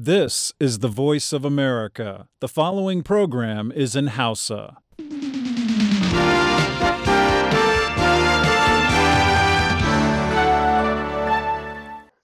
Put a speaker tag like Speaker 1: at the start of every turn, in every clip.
Speaker 1: This is the voice of America. The following program is in Hausa.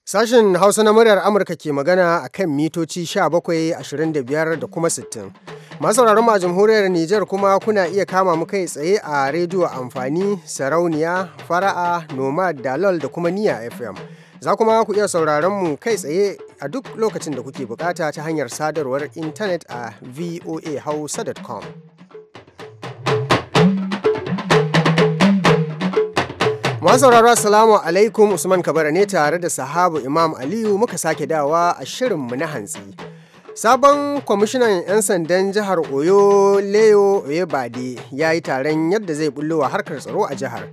Speaker 2: Sashen Hausa na muryar Amurka ke magana a kan mitoci 17, 25 da kuma 60. Masu mu a jamhuriyar Nijar kuma kuna iya kama mu kai tsaye a rediyo amfani, sarauniya, fara'a, nomad, dalol da kuma niya FM. Za kuma ku iya sauraron mu kai tsaye a duk lokacin da kuke bukata ta hanyar sadarwar intanet a voahausa.com. sauraro assalamu alaikum Usman Kabara ne tare da sahabu Imam Aliyu muka sake dawa a shirin mu na hantsi. Sabon kwamishinan 'yan sandan jihar Oyo Leo Oyebade ya yi taron yadda zai bullowa harkar tsaro a jihar.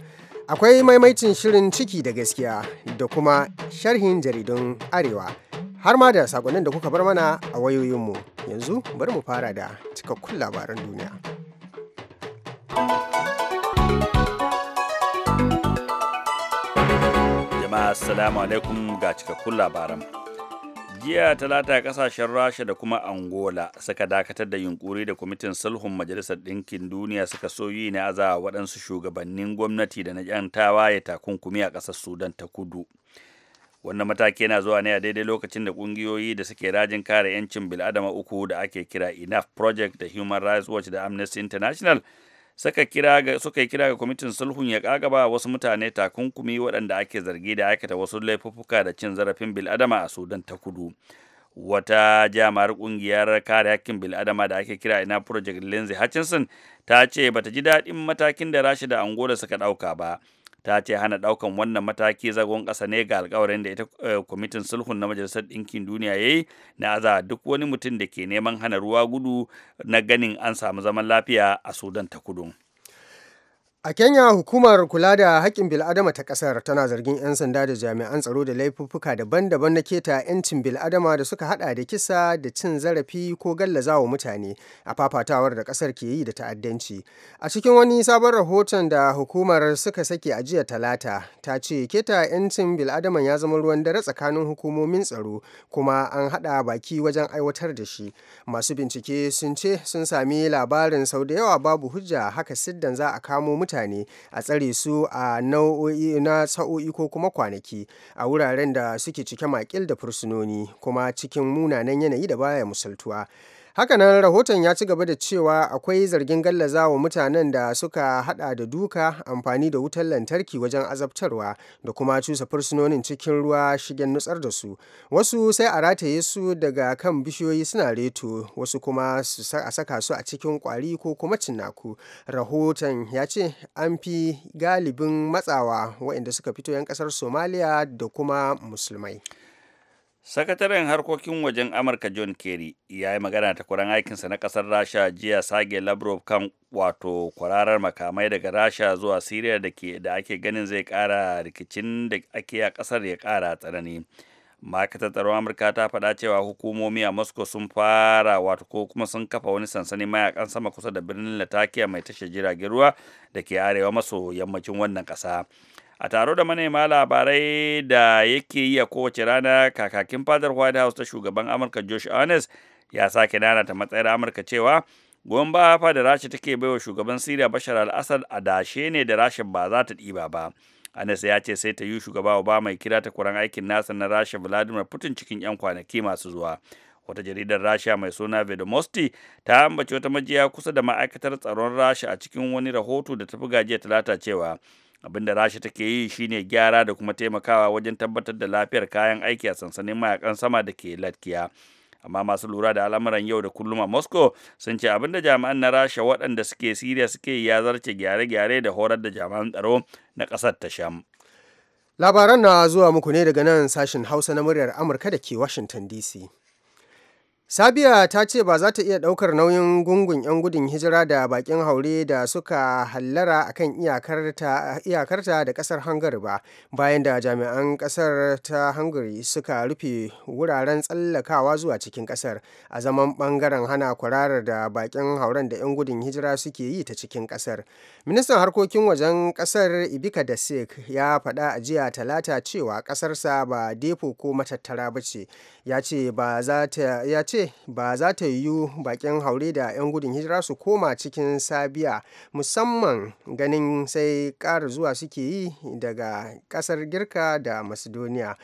Speaker 2: Akwai maimaitin shirin ciki da gaskiya da kuma sharhin jaridun Arewa. Har ma da sakonnin da kuka bar mana a wayoyinmu. Yanzu bari mu fara da cikakkun labaran duniya.
Speaker 3: Jama'a Assalamu alaikum ga cikakkun labaran. jiya talata kasashen rasha da kuma angola suka dakatar da yunkuri da kwamitin sulhun majalisar ɗinkin duniya suka soyi na aza waɗansu shugabannin gwamnati da na yan tawaye takunkumi a ƙasar sudan ta kudu wannan mataki yana zuwa ne a daidai lokacin da ƙungiyoyi da suke rajin kare 'yancin bil'adama uku da ake kira enough project da human rights watch da amnesty international suka kira ga suka kira ga kwamitin sulhun ya kagaba wasu mutane takunkumi waɗanda ake zargi da aikata wasu laifuffuka da cin zarafin bil'adama a Sudan ta Kudu. Wata jami'ar kungiyar kare hakkin bil'adama da ake kira ina Project Lindsay Hutchinson ta ce bata ji daɗin matakin da Rasha da Angola suka ɗauka ba. ta ce hana daukan wannan mataki zagon ƙasa ne ga alkawarin da ita eh, kwamitin sulhun na majalisar ɗinkin duniya ya yi na aza duk wani mutum da ke neman hana ruwa gudu na ganin an samu zaman lafiya a sudan ta kudu.
Speaker 2: A Kenya, hukumar kula da haƙƙin bil'adama ta ƙasar tana zargin 'yan sanda da jami'an tsaro da laifuffuka daban-daban na keta 'yancin bil'adama da suka hada da kisa da cin zarafi ko gallazawa mutane a fafatawar da ƙasar ke yi da ta'addanci. A cikin wani sabon rahoton da hukumar suka sake a jiya talata, ta ce keta 'yancin bil'adama ya zama ruwan dare tsakanin hukumomin tsaro kuma an hada baki wajen aiwatar da shi. Masu bincike sun ce sun sami labarin sau da yawa babu hujja haka siddan za a kamo mutane mutane a tsare su a nau'o'i na sa'o'i ko kuma kwanaki a wuraren da suke cike makil da fursunoni kuma cikin munanan yanayi da baya musaltuwa Hakanan rahoton ya ci gaba da cewa akwai zargin gallaza wa mutanen da suka hada da duka amfani da wutar lantarki wajen azabtarwa da kuma cusa fursunonin cikin ruwa shigen nutsar da su. Wasu sai a rataye su daga kan bishiyoyi suna reto wasu kuma a saka su a cikin kwari ko kuma cinnaku. Rahoton ya ce an fi galibin matsawa waɗanda suka fito 'yan ƙasar Somaliya da kuma musulmai.
Speaker 3: sakataren harkokin wajen amurka john kerry ya yi magana ta kuran aikinsa na kasar rasha jiya sage lavrov kan wato kwararar makamai daga rasha zuwa syria da ake ganin zai kara rikicin da ake a kasar ya kara tsanani ma'aikatar tsaron amurka ta faɗa cewa hukumomi a moscow sun fara wato ko kuma sun kafa wani sansanin mayakan sama kusa da birnin latakia mai tashar jiragen ruwa da ke arewa maso yammacin wannan ƙasa. a taro da manema labarai da yake yi a kowace rana kakakin fadar white house ta shugaban amurka josh Earnest ya sake nana ta matsayar amurka cewa goyon fa da rasha take baiwa shugaban siriya bashar al-assad a dashe ne da rashin ba za ta ɗiba ba Anas ya ce sai ta yi shugaba Obama mai kira ta kuran aikin nasa na Rasha Vladimir Putin cikin 'yan kwanaki masu zuwa. Wata jaridar Rasha mai suna Vedomosti ta ambaci wata majiya kusa da ma'aikatar tsaron Rasha a cikin wani rahoto da ta buga jiya talata cewa abin da rasha take yi shine gyara da kuma taimakawa wajen tabbatar da lafiyar kayan aiki a sansanin mayakan sama da ke latkiya amma masu lura da al'amuran yau da kullum a moscow sun ce abin da jami'an na rasha waɗanda suke siriya suke yi ya zarce gyare-gyare da horar da jami'an tsaro na ƙasar ta sham
Speaker 2: labaran na zuwa muku ne daga nan sashen hausa na muryar amurka da ke washington dc Sabiya ta ce ba za ta iya ɗaukar nauyin gungun 'yan gudun hijira da bakin haure da suka hallara a kan iyakarta da ƙasar Hungary ba, bayan da jami'an ƙasar ta Hungary suka rufe wuraren tsallakawa zuwa cikin ƙasar a zaman ɓangaren hana kwararar da bakin hauren da 'yan gudun hijira suke yi ta cikin ƙasar. Ministan harkokin wajen ƙasar Ibika da Sik ya faɗa a jiya talata cewa ƙasarsa ba depo ko matattara ba ce, ya ce ba za ta yiwu bakin haure da 'yan gudun hijira su koma cikin sabiya musamman ganin sai ƙara zuwa suke yi daga ƙasar girka da macedonia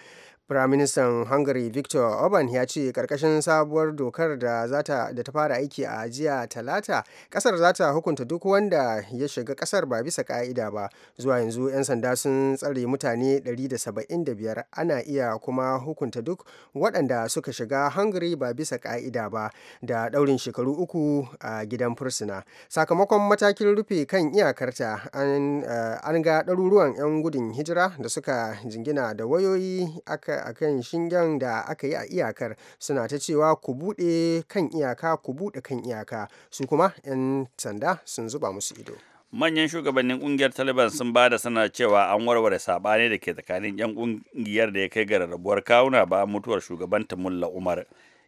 Speaker 2: Firaministan Hungary victor Orban ya ce ƙarƙashin sabuwar dokar da zata da ta fara aiki a jiya talata ƙasar za ta hukunta duk wanda ya shiga ƙasar ba bisa ka'ida ba zuwa yanzu 'yan sanda sun tsare mutane 175 ana iya kuma hukunta duk waɗanda suka shiga Hungary ba bisa ka'ida ba da ɗaurin shekaru uku a gidan fursuna sakamakon matakin rufe kan iyakarta an, eh, an ga ɗaruruwan 'yan gudun hijira da suka jingina da wayoyi aka a akan shingen da aka yi a iyakar suna ta cewa ku buɗe kan iyaka ku buɗe kan iyaka su kuma 'yan sanda sun zuba musu ido
Speaker 3: manyan shugabannin kungiyar taliban sun ba da sana cewa an warware sabani da ke tsakanin yan kungiyar da ya kai ga rarrabuwar kawuna ba mutuwar shugaban mulla umar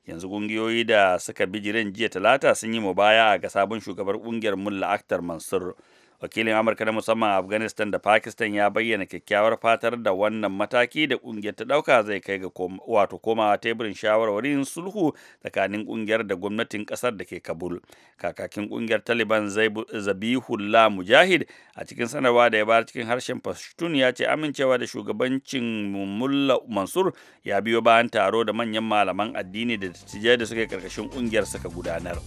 Speaker 3: yanzu kungiyoyi da suka bijiren jiya talata sun yi mu mubaya ga sabon shugabar kungiyar mulla aktar mansur wakilin amurka na musamman afghanistan da pakistan ya bayyana kyakkyawar fatar da wannan mataki da kungiyar ta dauka zai kai ga wato komawa teburin shawarwarin sulhu tsakanin kungiyar da gwamnatin kasar da ke kabul kakakin kungiyar taliban zabihullah mujahid a cikin sanarwa da ya bayar cikin harshen pashtun ya ce amincewa da shugabancin mulla mansur ya biyo bayan taro da manyan malaman addini da dattijai da suke karkashin kungiyar suka gudanar.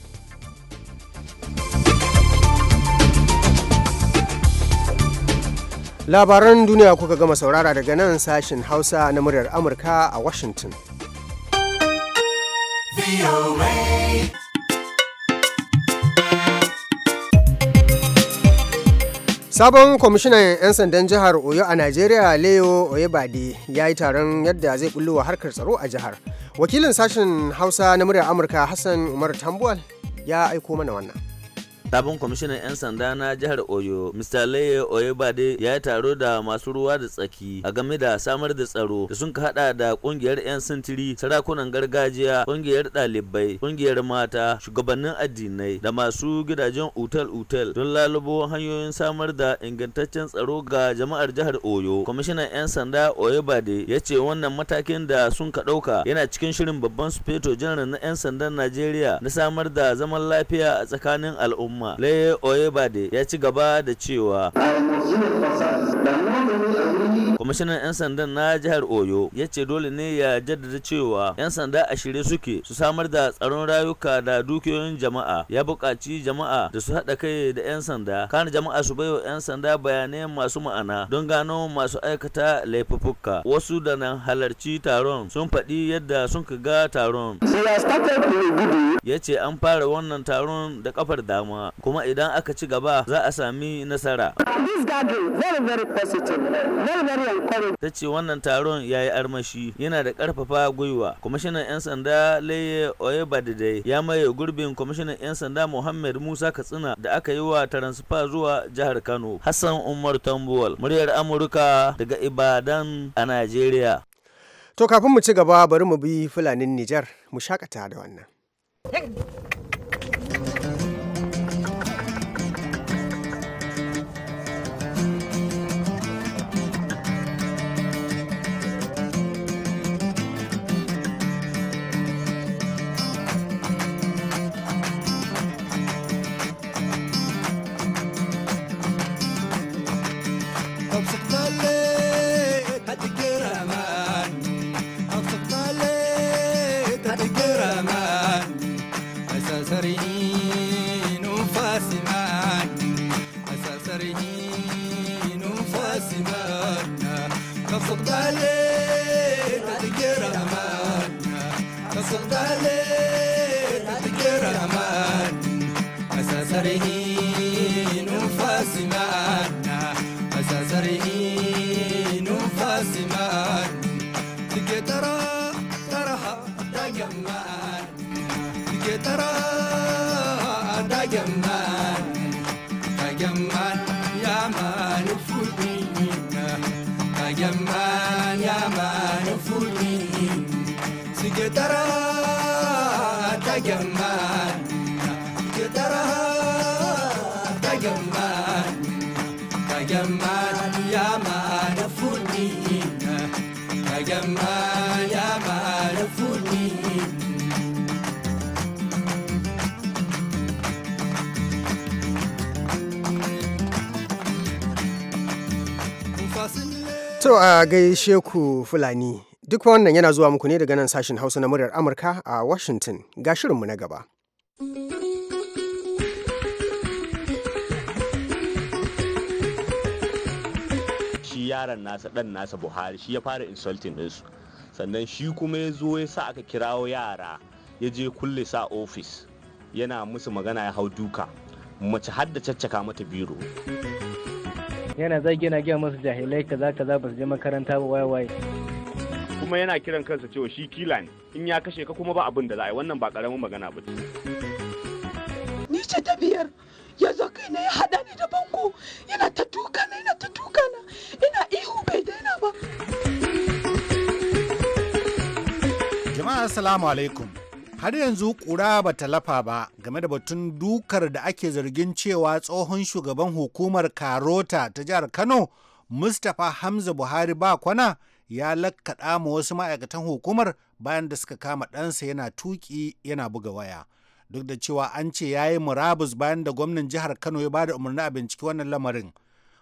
Speaker 2: labaran duniya kuka gama saurara daga nan sashen hausa na muryar amurka a washington sabon kwamishinan 'yan sandan jihar oyo a najeriya leo oyebade ya yi taron yadda zai wa harkar tsaro a jihar wakilin sashen hausa na muryar amurka hassan umar tambuwal ya aiko mana wannan
Speaker 4: Sabon kwamishinan 'yan sanda na jihar Oyo, Mr. Leye Oyebade ya yi taro da masu ruwa da tsaki a game da samar da tsaro da sun hada da kungiyar 'yan sintiri, sarakunan gargajiya, kungiyar ɗalibai, kungiyar mata, shugabannin addinai da masu gidajen utal-utal don lalubo hanyoyin samar da ingantaccen tsaro ga jama'ar jihar Oyo. Kwamishinan 'yan sanda Oyebade ya ce wannan matakin da sun ka ɗauka yana cikin shirin babban sufeto janar na 'yan sandan Najeriya na samar da zaman lafiya a tsakanin al'umma. al'umma. Leye Oyebade ya ci gaba da cewa. I kwamishinan 'yan sandan na jihar oyo ya ce dole ne ya jaddada cewa 'yan sanda a shirye suke su samar da tsaron rayuka da dukiyoyin jama'a ya buƙaci jama'a da su haɗa kai da 'yan sanda kana jama'a su baiwa 'yan sanda bayanai masu ma'ana don gano masu aikata laifuffuka wasu da nan halarci taron sun faɗi yadda sun ga taron ya ce an fara wannan taron da kafar dama kuma idan aka ci gaba za a sami nasara. very very positive, very very ta ce wannan taron ya yi armashi yana da karfafa gwiwa kwamishinan 'yan sanda laye oyebadidai ya maye gurbin kwamishinan 'yan sanda muhammad musa katsina da aka yi wa taransifa zuwa jihar kano hassan umar tambuwal muryar amurka daga
Speaker 2: ibadan a najeriya to kafin mu ci gaba bari mu bi fulanin nijar mu shakata da wannan yau a gaishe ku Fulani, duk wannan yana zuwa muku ne daga nan sashen Hausa na muryar Amurka a Washington ga shirinmu na gaba.
Speaker 5: Shi yaron nasa ɗan nasa Buhari shi ya fara insulting ɗinsu. Sannan shi kuma ya zo ya sa aka kirawo yara ya je kulle sa ofis yana musu magana ya hau duka mace har da
Speaker 6: caccaka mata biro. yana zagi yana gina masu jahilai kaza kaza ba su je makaranta ba waye waye
Speaker 5: kuma yana kiran kansa cewa shi kila ne in ya kashe ka kuma ba abin da za a yi wannan ba karamin magana ba ce ni
Speaker 6: ce ta biyar ya zo kai na ya haɗa ni da bango yana
Speaker 1: ta tuka na yana ta tuka na ina ihu bai daina ba
Speaker 6: jama'a assalamu alaikum har yanzu kura ba ta lafa ba game da batun dukar da ake zargin cewa tsohon shugaban hukumar karota ta jihar kano mustapha hamza buhari ba kwana ya lakkaɗa ma wasu ma'aikatan hukumar bayan da suka kama ɗansa yana tuki yana buga waya duk da cewa an ce ya yi murabus bayan da gwamnan jihar kano ya bada umarni a binciki wannan lamarin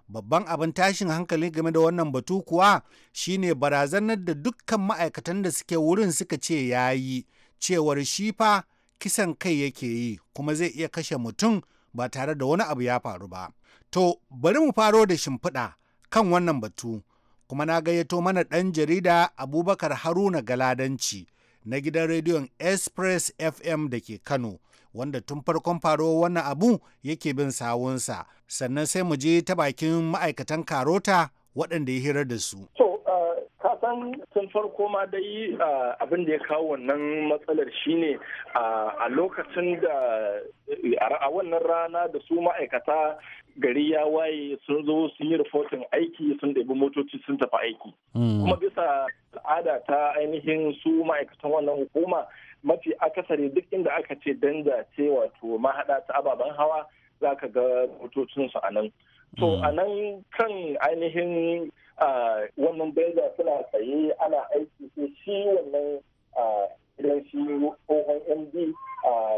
Speaker 6: babban abin tashin hankali game da wannan batu kuwa shine barazanar da dukkan ma'aikatan da suke wurin suka ce ya yi cewar shi fa kisan kai yake yi kuma zai iya kashe mutum ba tare da wani abu ya faru ba. To bari mu faro da shimfiɗa kan wannan batu kuma na gayyato mana ɗan jarida Abubakar Haruna Galadanci na gidan rediyon Express FM da ke Kano wanda tun farkon faro wannan abu yake bin sawunsa sannan sai mu je ta bakin ma'aikatan karota waɗanda ya hira da su.
Speaker 7: To kusan sun farko ma dai abin da ya kawo wannan matsalar shine a lokacin da a wannan rana da su ma'aikata gari ya waye sun zo sun yi rufotin aiki sun ɗabi motoci sun tafi aiki hmm. kuma bisa al'ada ta ainihin su ma'aikatan wannan hukuma mafi akasari duk inda aka ce danza ce wato mahaɗa ta ababen hawa za ka ga motocinsu a nan to hmm. anan kan ainihin wannan benza suna tsaye ana aiki sai shi wannan idan shi tsohon md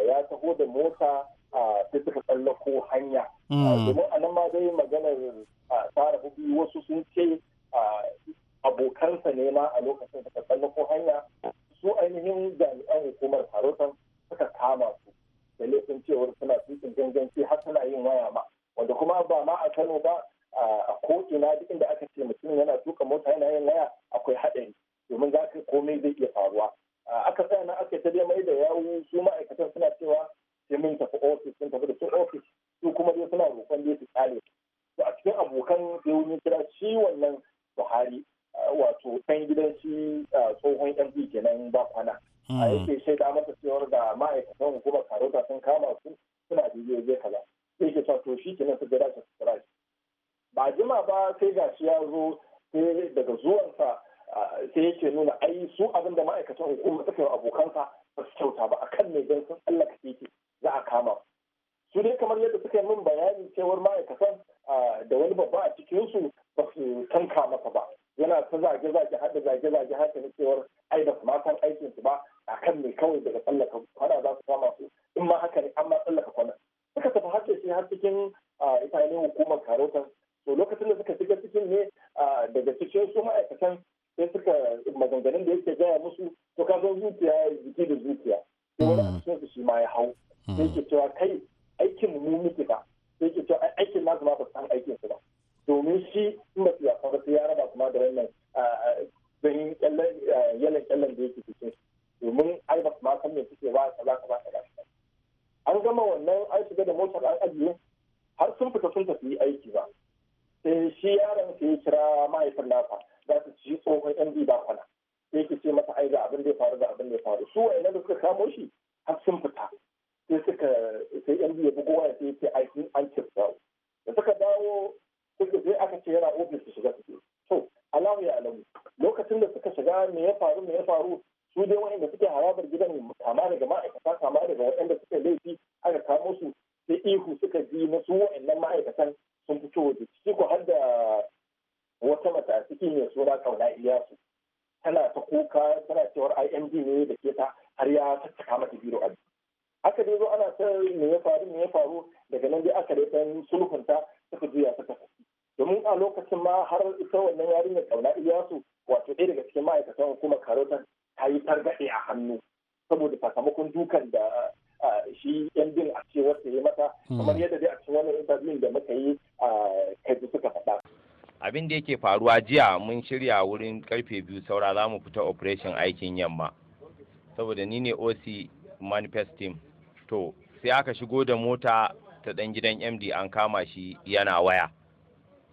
Speaker 7: ya taho da mota ta suka tsallako hanya hmm. domin a nan ma dai maganar tsara hudu wasu sun ce abokansa ne ma a lokacin da suka tsallako hanya su ainihin jami'an hukumar tarotan suka kama su da laifin cewar suna tukin ganganci har suna yin waya ma wanda kuma ba ma a kano ba a ko'ina duk inda aka ce mutum yana tuka mota yana yin laya akwai haɗari domin za ka komai zai iya faruwa aka tsaya na aka dai mai da yawo su ma'aikatan suna cewa sai mun tafi ofis sun tafi da su ofis su kuma dai suna roƙon dai su tsale to a cikin abokan wani kira shi wannan buhari wato ɗan gidan shi tsohon mp kenan ba kwana a hmm. yake shaida masa cewar da ma'aikatan hukumar karota sun kama sai ga shi ya zo daga zuwansa sai yake nuna ai su abin da ma'aikatan hukuma suka yi abokansa ba su kyauta ba akan ne don sun tsallaka titi za a kama su dai kamar yadda suka yi min bayani cewar ma'aikatan mu muke ba sai ke to aikin ma zama ba san aikin su ba domin shi in ba su yafa ba sai ya raba su ma da wannan ta biro a aka dai zo ana sanin me ya faru me ya faru daga nan dai aka dai san sulhunta suka juya suka tafi domin a lokacin ma har ita wannan yarinyar kauna iyasu wato ɗaya daga cikin ma'aikatan hukumar karotan ta yi targaɗe a hannu saboda sakamakon dukan da shi yan bin a cewar ta yi mata hmm. kamar yadda dai a cikin wannan interview da muka yi a kaji suka faɗa.
Speaker 8: abin da yake faruwa jiya mun shirya wurin karfe biyu saura za mu fita operation aikin yamma saboda ni ne oc manifest team to sai aka shigo da mota ta dan gidan md an kama shi yana waya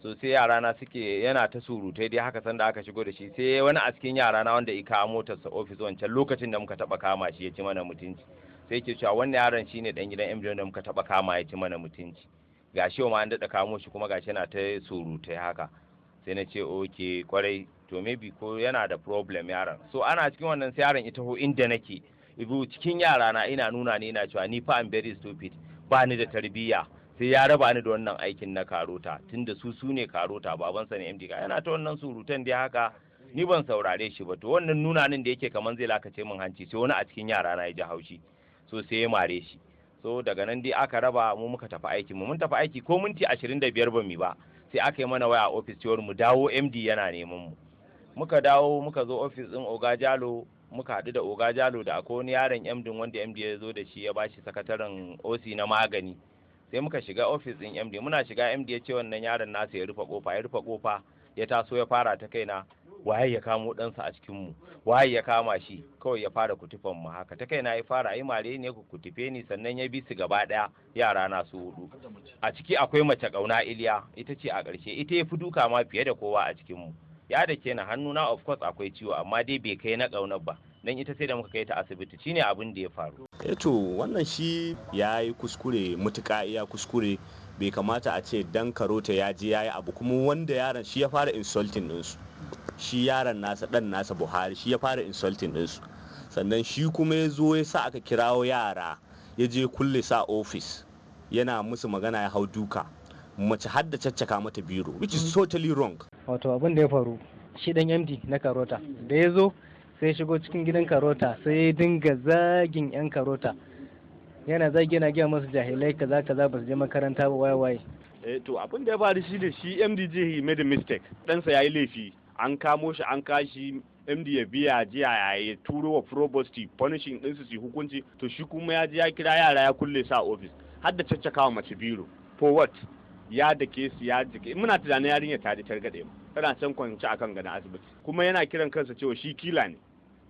Speaker 8: so sai yara na suke yana ta surutai dai haka sanda aka shigo da shi sai wani askin cikin yara na wanda ika motarsa ofis wancan lokacin da muka taba kama shi ya ci mana mutunci sai ke cewa wannan yaron shine dan gidan md wanda muka taba kama ya ci mana mutunci gashi ma an daɗa kamo shi kuma gashi yana ta surutai haka sai na ce oke kwarai to maybe ko yana da problem yaran so ana cikin wannan sai yaron ita ho inda nake ibu cikin yara na ina nuna ni ina cewa ni fa am very stupid ba ni da tarbiyya sai ya raba ni da wannan aikin na karota tunda su su ne karota babansa ne MD yana ta wannan surutan da haka ni ban saurare shi ba to wannan nuna nunanin da yake kaman zai lakace min hanci sai wani a cikin yara na ya ji haushi so sai ya mare shi so daga nan dai aka raba mu muka tafi aiki mu mun tafi aiki ko minti 25 ba mi ba sai aka yi mana waya a ofis cewar mu dawo md yana neman mu muka dawo muka zo ofis din oga jalo muka haɗu da oga jalo da akwai wani yaron md wanda md ya zo da shi ya bashi sakataren oc na magani sai muka shiga ofis din md muna shiga md ya ce wannan yaron nasa ya rufe kofa ya rufe kofa ya taso ya fara ta kaina waye ya kamo ɗansa a cikinmu waye ya kama shi kawai ya fara kutufan mu haka ta kai na ya fara yi mare ne ku kutufe ni sannan ya bi su gaba ɗaya yara na su hudu a ciki akwai mace ƙauna iliya ita ce a ƙarshe ita ya fi duka ma fiye da kowa a cikinmu ya da ke na hannu na of course akwai ciwo amma dai bai kai na ƙaunar ba dan ita sai da muka kai ta asibiti shine abin da ya faru
Speaker 5: eto eh wannan shi ya yi kuskure mutuka iya kuskure bai kamata a ce dan karota ya je ya yi abu kuma wanda yaran shi ya fara insulting ɗinsu shi yaron nasa dan nasa buhari shi ya fara insulting su sannan shi kuma ya zo ya sa aka kirawo yara ya je kulle sa ofis yana musu magana ya hau duka mace har da caccaka mata biro which
Speaker 2: is mm. totally wrong wato abin da ya faru shi dan md na karota da ya zo sai shigo cikin gidan karota sai ya dinga zagin
Speaker 6: yan karota yana zagi yana gaya masu jahilai kaza kaza ba su je makaranta ba waye waye
Speaker 5: eh to abin da ya faru shi ne shi md je he made a mistake ɗansa ya yi laifi an kamo shi an kashi MD ya biya jiya ya yi turo wa probosti punishing ɗinsu hukunci to shi kuma ya ji ya kira yara ya kulle sa ofis har da caccaka wa mace biro for what ya da ke su ya jike muna tunanin yarinya ta ji targaɗe mu tana can kwanci akan gana asibiti kuma yana kiran kansa cewa shi kila ne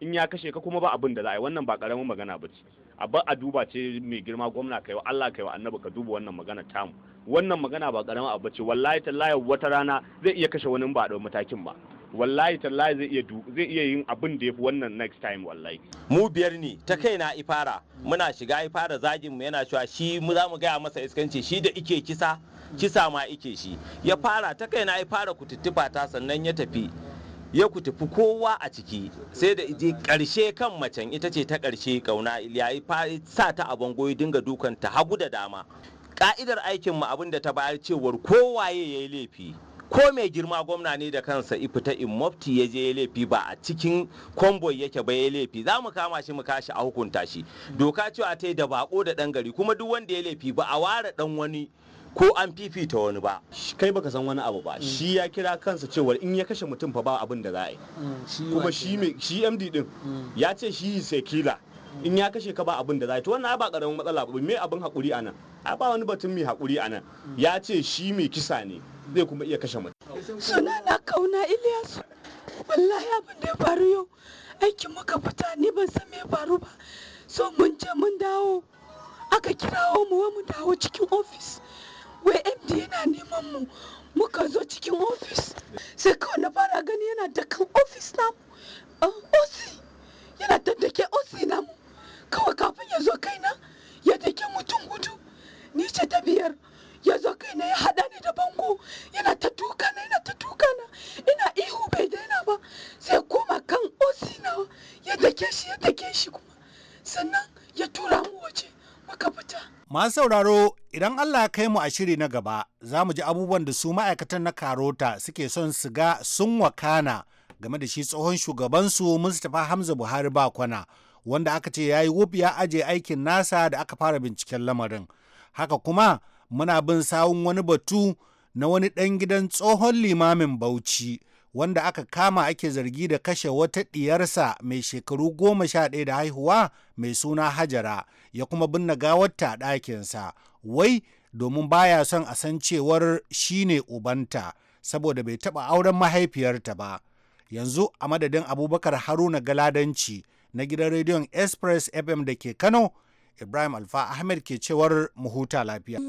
Speaker 5: in ya kashe ka kuma ba abin da za a yi wannan ba karamin magana ba ce a ba a duba ce mai girma gwamna kai wa Allah kai wa annabi ka duba wannan magana tamu wannan magana ba karamin abu ce wallahi tallahi wata rana zai iya kashe wani ba a matakin ba wallahi
Speaker 8: tallahi zai iya zai iya yin abin da yafi wannan next time wallahi mu biyar ne ta kai ifara muna shiga ifara zagin mu yana cewa shi mu za mu gaya masa iskanci shi da ike kisa kisa ma ike shi ya fara ta kai na ku tuttufa ta sannan ya tafi ya ku tafi kowa a ciki sai da je karshe kan macen ita ce ta karshe kauna ya yi sa ta a bango ya dinga dukan ta hagu da dama ka'idar aikin mu abin ta bayar cewar kowaye ya yi laifi ko mai girma gwamna ne da kansa ifita in mafti ya je ya laifi ba a cikin kwamboi yake ba ya laifi za mu kama shi mu kashi a hukunta shi doka cewa ta da bako da dan gari kuma duk wanda ya laifi ba a ware dan wani ko an
Speaker 5: fifita wani ba kai baka san wani abu ba mm. shi ya kira kansa cewar in ya kashe mutum fa ba abin da za a yi mm, kuma shi mai shi MD din mm. ya ce shi sai kila in ya kashe ka ba abin da za a yi to wannan ba karamin matsala ba me abin hakuri anan a ba wani batun mai hakuri anan ya ce shi mai kisa ne zai kuma iya kashe mutum. Suna na kauna Iliyasu, Wallahi abin da ya faru yau. Aikin muka fita ni ban san me ya faru ba. So mun je mun dawo. Aka kirawo mu mu dawo cikin ofis. Wai MD yana neman mu. Muka zo cikin ofis. Sai kawai na fara gani yana dakan ofis na mu um, Osi. Yana tattake osi mu, Kawai kafin ya zo kaina ya dake mutum gudu. Ni ce ta biyar. ya zo kai ne ya haɗa ni da bango yana ta duka na yana ta duka na ina ihu bai daina ba sai koma kan osi na ya take shi ya take shi kuma sannan
Speaker 9: ya tura mu waje
Speaker 6: muka fita. Masu sauraro idan Allah ya kai mu a shiri na gaba za mu ji abubuwan da su ma'aikatan na karota suke son su ga sun wakana game da shi tsohon shugabansu Mustapha Hamza Buhari Bakwana wanda aka ce ya yi wuf ya aje aikin nasa da aka fara binciken lamarin. Haka kuma muna bin sawun wani batu na wani ɗan gidan tsohon limamin Bauchi wanda aka kama ake zargi da kashe wata ɗiyarsa mai shekaru goma sha ɗaya da haihuwa mai suna Hajara ya kuma binne gawarta a ɗakinsa wai domin baya son a san cewar shi ne ubanta saboda bai taɓa auren mahaifiyarta ba yanzu a madadin abubakar haruna galadanci na gidan rediyon express fm da ke
Speaker 2: kano Ibrahim Alfa Ahmed ke cewar mu huta lafiya.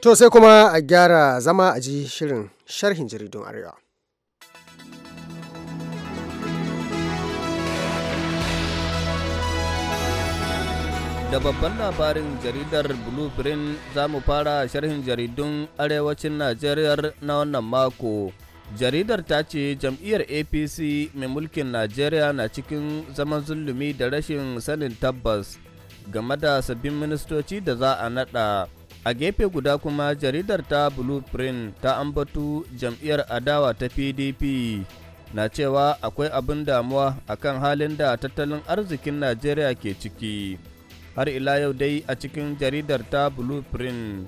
Speaker 2: To sai kuma a gyara zama a ji shirin sharhin jaridun Arewa.
Speaker 10: Da babban labarin jaridar Blueprint za mu fara sharhin jaridun arewacin Najeriya na wannan mako. jaridar ta ce jam'iyyar apc mai mulkin najeriya na cikin zaman zulumi da rashin sanin tabbas game da sabbin ministoci da za a nada a gefe guda kuma jaridar ta blueprint ta ambatu jam'iyyar adawa ta pdp na cewa akwai abin damuwa akan halin da tattalin arzikin najeriya ke ciki har ila yau dai a cikin jaridar ta blueprint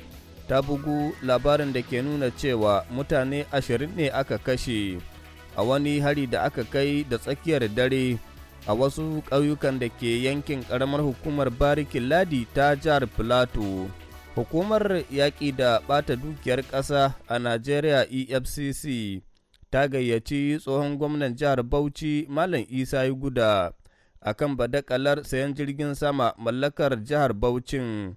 Speaker 10: ta bugu labarin da ke nuna cewa mutane ashirin ne aka kashe a wani hari da aka kai da tsakiyar dare a wasu ƙauyukan da ke yankin ƙaramar hukumar barikin ladi ta jihar plato hukumar yaƙi da bata dukiyar ƙasa a najeriya efcc ta gayyaci tsohon gwamnan jihar bauchi malam isa guda akan badakalar sayan jirgin sama mallakar jihar bauchin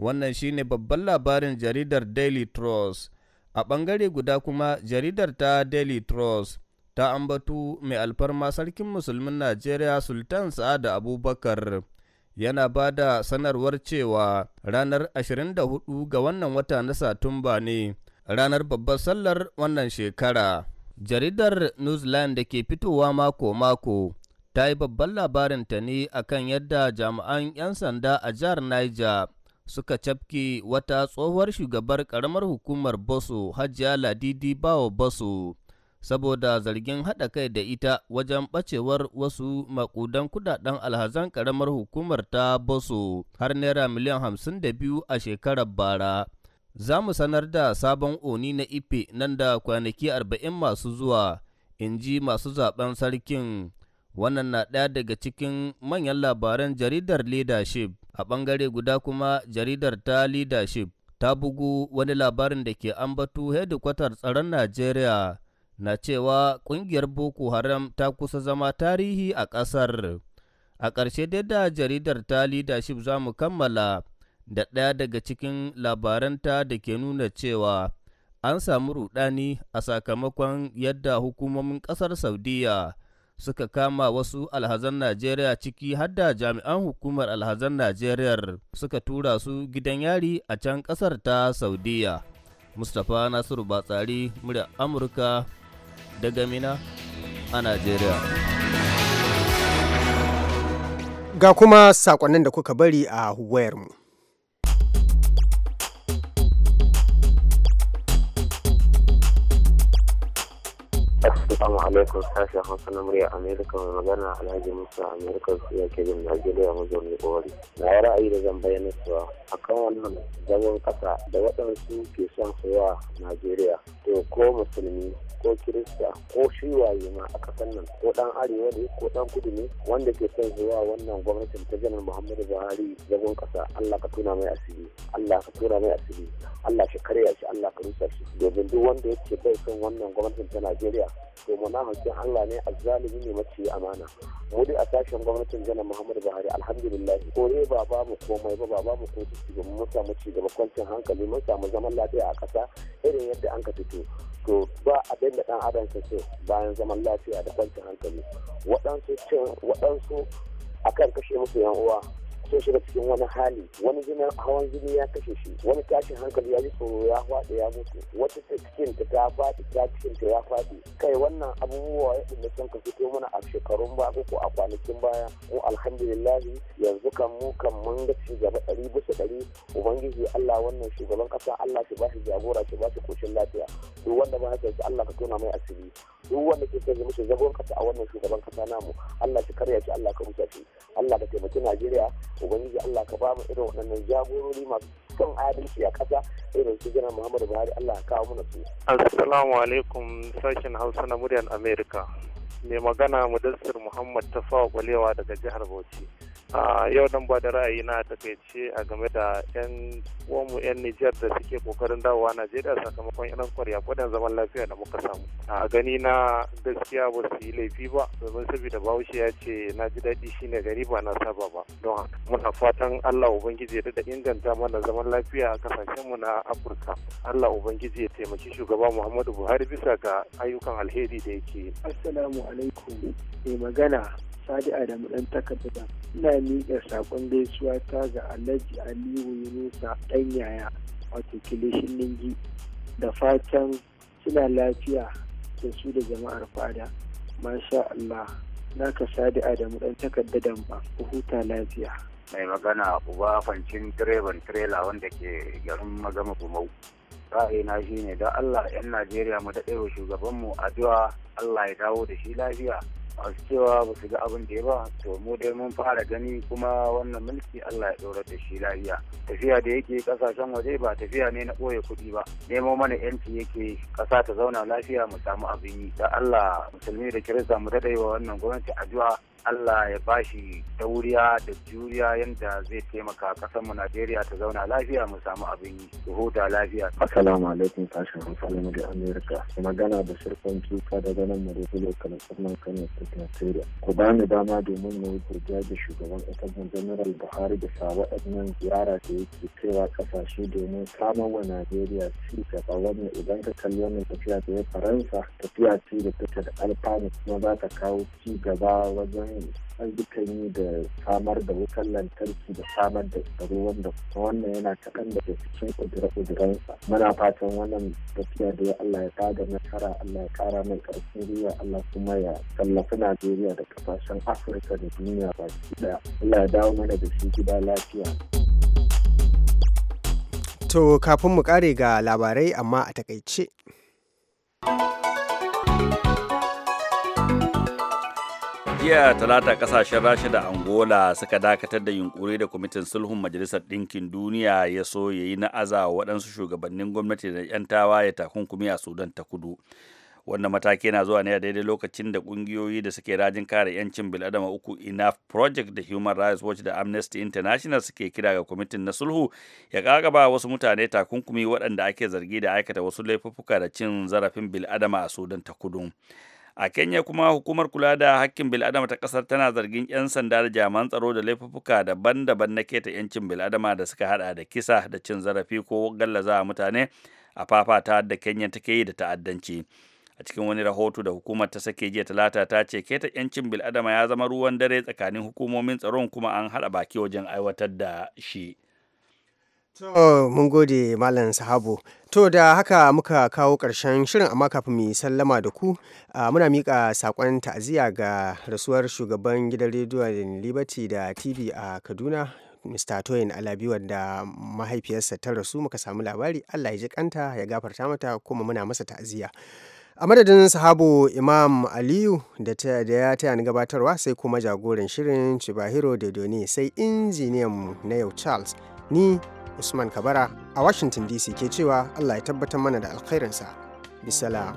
Speaker 10: Wannan shine babban labarin jaridar Daily Trust. A ɓangare guda kuma jaridar ta Daily Trust ta ambatu mai alfarma sarkin musulmin Najeriya Sultan Sa'adu Abubakar yana ba da sanarwar cewa ranar 24 ga wannan wata na Satumba ne ranar babbar sallar wannan shekara. Jaridar Newsline da ke fitowa mako-mako ta yi babban labarin ta ne akan yadda jami'an 'yan sanda a jihar Niger suka cafke wata tsohuwar shugabar ƙaramar hukumar Boso Hajiya Ladidi Bawa Boso saboda zargin haɗa kai da ita wajen ɓacewar wasu makudan kudaden alhazan ƙaramar hukumar ta Boso har naira miliyan hamsin a shekarar bara. Za mu sanar da sabon oni na Ipe nan da kwanaki arba'in masu zuwa, in ji masu zaben sarkin. Wannan na ɗaya daga cikin manyan labaran jaridar leadership A ɓangare guda kuma jaridar ta leadership ta bugu wani labarin da ke ambatu hedikwatar tsaron Najeriya na cewa ƙungiyar Boko Haram ta kusa zama tarihi a ƙasar. A ƙarshe dai da jaridar ta leadership za mu kammala da ɗaya daga cikin labaranta da ke nuna cewa an samu rudani a sakamakon yadda hukumomin ƙasar Saudiyya. suka kama wasu alhazan Najeriya ciki har da jami'an hukumar alhazan Najeriya suka tura su gidan yari a can ƙasar ta Saudiya. Mustapha Nasiru Batsari, murya Amurka daga Mina a Najeriya.
Speaker 2: Ga kuma saƙonnin da kuka bari a wayarmu.
Speaker 9: alaikum sashen hausa na murya amerika mai magana alhaji musa amerika su ya ke jin najeriya mazauni kowari na ra'ayi da zan bayyana cewa a kan wannan zaman kasa da waɗansu ke son su wa najeriya to ko musulmi ko kirista ko shi waye ma a kasan nan ko dan arewa ne ko dan kudu ne wanda ke son zuwa wannan gwamnatin ta janar muhammadu buhari zagon kasa allah ka tuna mai asiri allah ka tuna mai asiri allah shi karya shi allah ka rusa shi domin duk wanda yake bai son wannan gwamnatin ta najeriya to mana mahaifin Allah ne zalimi ne mace amana mu dai a sashen gwamnatin janar Muhammadu Buhari alhamdulillah ko ne ba ba mu komai ba ba ba mu ko ciki mu samu ci gaba kwancin hankali mun samu zaman lafiya a ƙasa irin yadda an ka fito to ba abin da dan adam sai bayan zaman lafiya da kwancin hankali waɗansu cin waɗansu akan kashe musu yan uwa sun shiga cikin wani hali wani jinin hawan jini ya kashe shi wani tashin hankali ya ji tsoro ya faɗi ya mutu wata ta ta ta faɗi ta cikin ta ya faɗi kai wannan abubuwa ya ɗin sun ka fito mana a shekarun ba ko a kwanakin baya mu alhamdulillah yanzu kan mu kan mun ga ci gaba ɗari bisa ɗari ubangiji Allah wannan shugaban ƙasa Allah shi ba shi jagora shi ba shi koshin lafiya duk wanda ba haka shi Allah ka tona mai asiri duk wanda ke kai mishi zagon ƙasa a wannan shugaban ƙasa namu Allah shi karya shi Allah ka rusa shi Allah ka taimaki Najeriya ubangiji Allah ka ba mu irin waɗannan jagorori masu son adalci a ƙasa irin su jiran Muhammadu Buhari Allah ka kawo mana su. Assalamu alaikum sashen Hausa na muryar Amerika. Mai magana Mudassir Muhammad Tafawa Gwalewa daga jihar Bauchi. a yau nan ba da ra'ayi na takaice a game da 'yan uwanmu 'yan Nijar da suke kokarin dawowa Najeriya sakamakon irin kwarya kwadon zaman lafiya da muka samu. A gani na gaskiya ba su yi laifi ba domin saboda Bahaushe ya ce na ji daɗi shine gari ba na saba ba. Don haka muna fatan Allah Ubangiji ya da inganta mana zaman lafiya a kasashen mu na Afirka. Allah Ubangiji ya taimaki shugaba Muhammadu Buhari bisa ga ayyukan alheri da yake. Assalamu alaikum. magana Sadi Adamu ɗan takarda. Ina miƙa saƙon gaisuwa ta ga alhaji aliyu yunusa ɗan yaya wato kilishin ningi da fatan suna lafiya da su da jama'ar fada masha allah na ka sadi adamu ɗan takardadan ba ku huta lafiya mai magana uba fancin direban tirela wanda ke garin magama gumau ra'ayina shine don allah 'yan najeriya mu daɗe wa shugabanmu addu'a allah ya dawo da shi lafiya masu cewa ba su ga abin da ya ba to mu dai mun fara gani kuma wannan mulki Allah ya ɗora da shi lafiya tafiya da yake kasashen waje ba tafiya ne na ɓoye kuɗi ba nemo mana yanci yake ƙasa ta zauna lafiya mu samu abin yi da Allah musulmi da kirista mu daɗe wa wannan gwamnati addu'a Allah ya bashi dauriya da juriya yadda zai taimaka kasar mu Najeriya ta zauna lafiya mu samu abin yi su huta lafiya. Assalamu alaikum sashen Hausa da Amerika. Magana da shirkan tuka daga nan Marubulo kan tsirnan Kano State Nigeria. Ku ba ni dama domin mu yi da shugaban ƙasar General Buhari da sa waɗannan ziyara da ke kaiwa ƙasashe domin samar wa Najeriya ci gaba wannan idan ka kalli wannan tafiya ta ya Faransa tafiya ce da take da alfanu kuma za ta kawo ci gaba wajen samun ayyukan yi da samar da wutar lantarki da samar da tsaro wanda wannan yana kaɗan ke cikin ƙudure muna fatan wannan tafiya da ya Allah ya tada nasara Allah ya ƙara mai ƙarfin gwiwa Allah kuma ya tallafi Najeriya da ƙasashen Afirka da duniya baki ɗaya
Speaker 2: Allah ya dawo mana da shi gida lafiya. To kafin mu kare ga labarai amma a takaice.
Speaker 3: jiya talata kasashen rasha da angola suka dakatar da yunkuri da kwamitin sulhun majalisar ɗinkin duniya ya so ya yi na'aza waɗansu shugabannin gwamnati da 'yan tawa ya takunkumi a sudan ta kudu wannan mataki na zuwa ne a daidai lokacin da kungiyoyi da suke rajin kare 'yancin biladama uku enough project da human rights watch da amnesty international suke kira ga kwamitin na sulhu ya kagaba wasu mutane takunkumi waɗanda ake zargi da aikata wasu laifuffuka da cin zarafin biladama a sudan ta kudu a kenya kuma hukumar kula da hakkin bil'adama ta kasar tana zargin 'yan sanda da jaman tsaro da laifuffuka daban-daban na keta 'yancin bil'adama da suka hada da kisa da cin zarafi ko gallaza mutane a fafata da kenya take yi da ta'addanci a cikin wani rahoto da hukumar ta sake jiya talata ta ce keta 'yancin bil'adama ya zama ruwan dare tsakanin hukumomin tsaron kuma an haɗa baki wajen aiwatar da shi.
Speaker 2: To mun gode Malam Sahabo. To da haka muka kawo ƙarshen shirin amma kafin mu sallama da ku muna miƙa saƙon ta'aziyya ga rasuwar shugaban gidan rediyon Liberty da TV a Kaduna Mr. Toyin Alabi wanda mahaifiyarsa ta rasu muka samu labari Allah ya ji kanta ya gafarta mata kuma muna masa ta'aziyya. a madadin sahabu imam aliyu da ya taya ni gabatarwa sai kuma jagoran shirin cibahiro da doni sai mu na yau charles ni Usman Kabara a Washington DC ke cewa Allah ya tabbatar mana da alkhairinsa. Bisala.